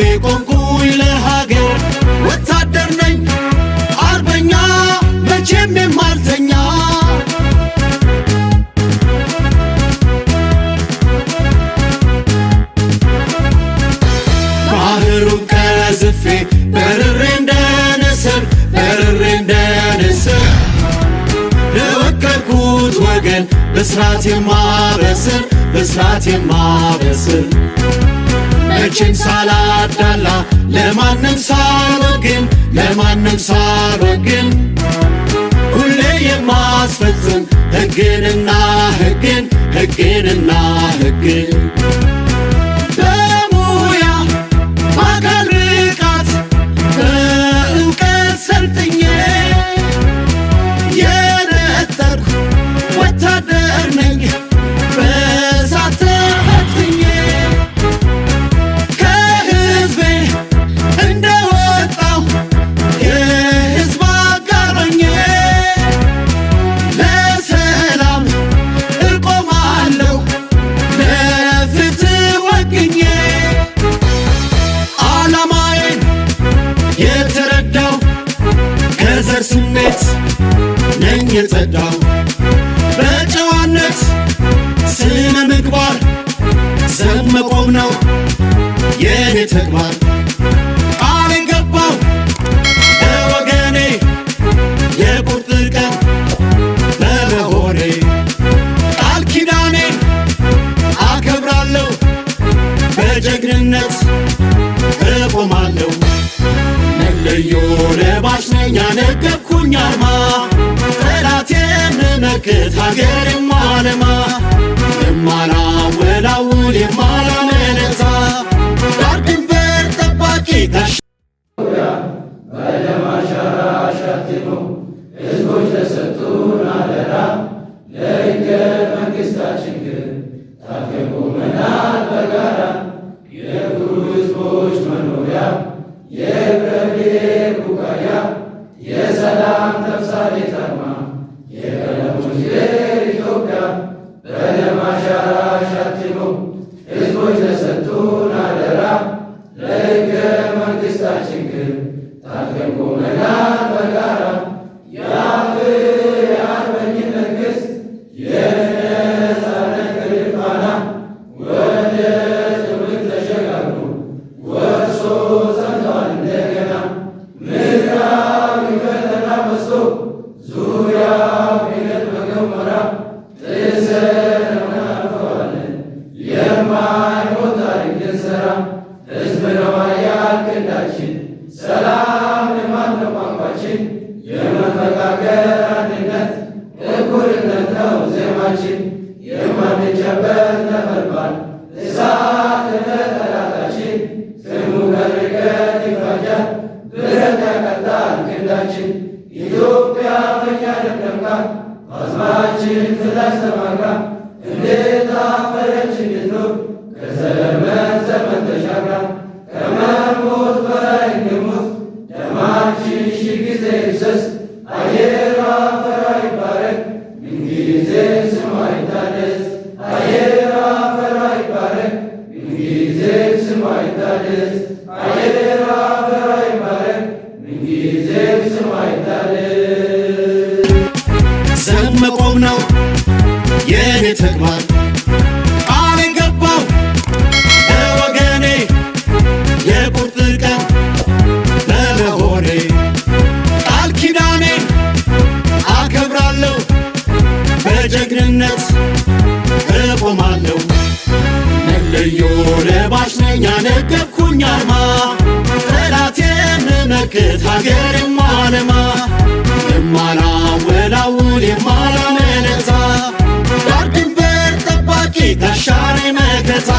ገበሬ ቆንኩኝ ለሀገር ወታደር ነኝ አርበኛ መቼም የማልተኛ ባህሩን ቀዝፌ በርሬ እንደ ንስር በርሬ እንደ ንስር ለወከልኩት ወገን ብስራት የማበስር ብስራት የማበስር መቼም ሳላዳላ ለማንም ሳልወግን ለማንም ሳልወግን ሁሌ የማስፈጽም ሕግንና ሕግን ሕግንና ሕግን በስሜት ነኝ የጸዳው በጨዋነት ስነ ምግባር ዘብ መቆም ነው የኔ ተግባር። ቃል ገባው ለወገኔ የቁርጥ ቀን በመሆኔ ቃል ኪዳኔ አከብራለሁ በጀግንነት እቆማለሁ መለዮ ለባሽ ነኝ ያነገ የልቡኛ አርማ ጠላት የምመክት ሀገር የማለማ የማላወላውል የማላመነታ ዳር ድንበር ጠባቂ ታሽ ህዝቦች ለሰጡን አደራ ለህገ መንግስታችን ግን በጋራ የብሩ ህዝቦች መኖሪያ ብረት ያቀላል ክንዳችን ኢትዮጵያ ፈኪ ደምቃ በሕዝባችን ፍላጅ ተማርካ እንዴት አፈረች እንድትኖር በጀግንነት እቆማለሁ። መለዮ ለባሽ ነኝ ያነገብኩኝ አርማ ጠላት የምመክት ሀገር የማለማ የማላወላውል የማላመነታ ዳር ድንበር ጠባቂ ተሻሪ መገታ